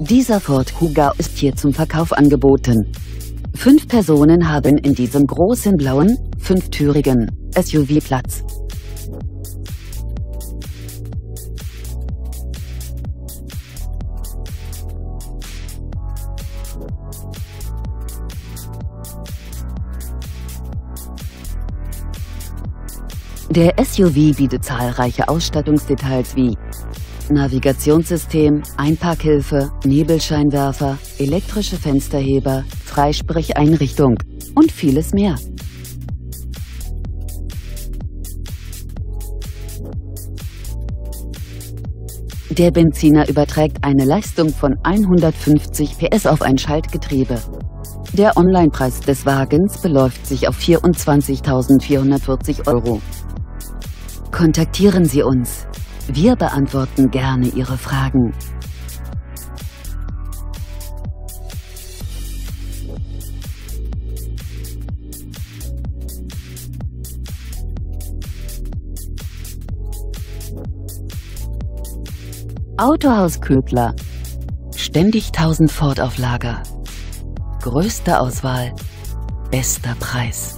Dieser Ford Kuga ist hier zum Verkauf angeboten. Fünf Personen haben in diesem großen blauen, fünftürigen SUV Platz. Der SUV bietet zahlreiche Ausstattungsdetails wie Navigationssystem, Einparkhilfe, Nebelscheinwerfer, elektrische Fensterheber, Freisprecheinrichtung und vieles mehr. Der Benziner überträgt eine Leistung von 150 PS auf ein Schaltgetriebe. Der Onlinepreis des Wagens beläuft sich auf 24.440 Euro. Kontaktieren Sie uns. Wir beantworten gerne Ihre Fragen. Autohaus Ködler. Ständig 1000 Ford auf Lager. Größte Auswahl, bester Preis.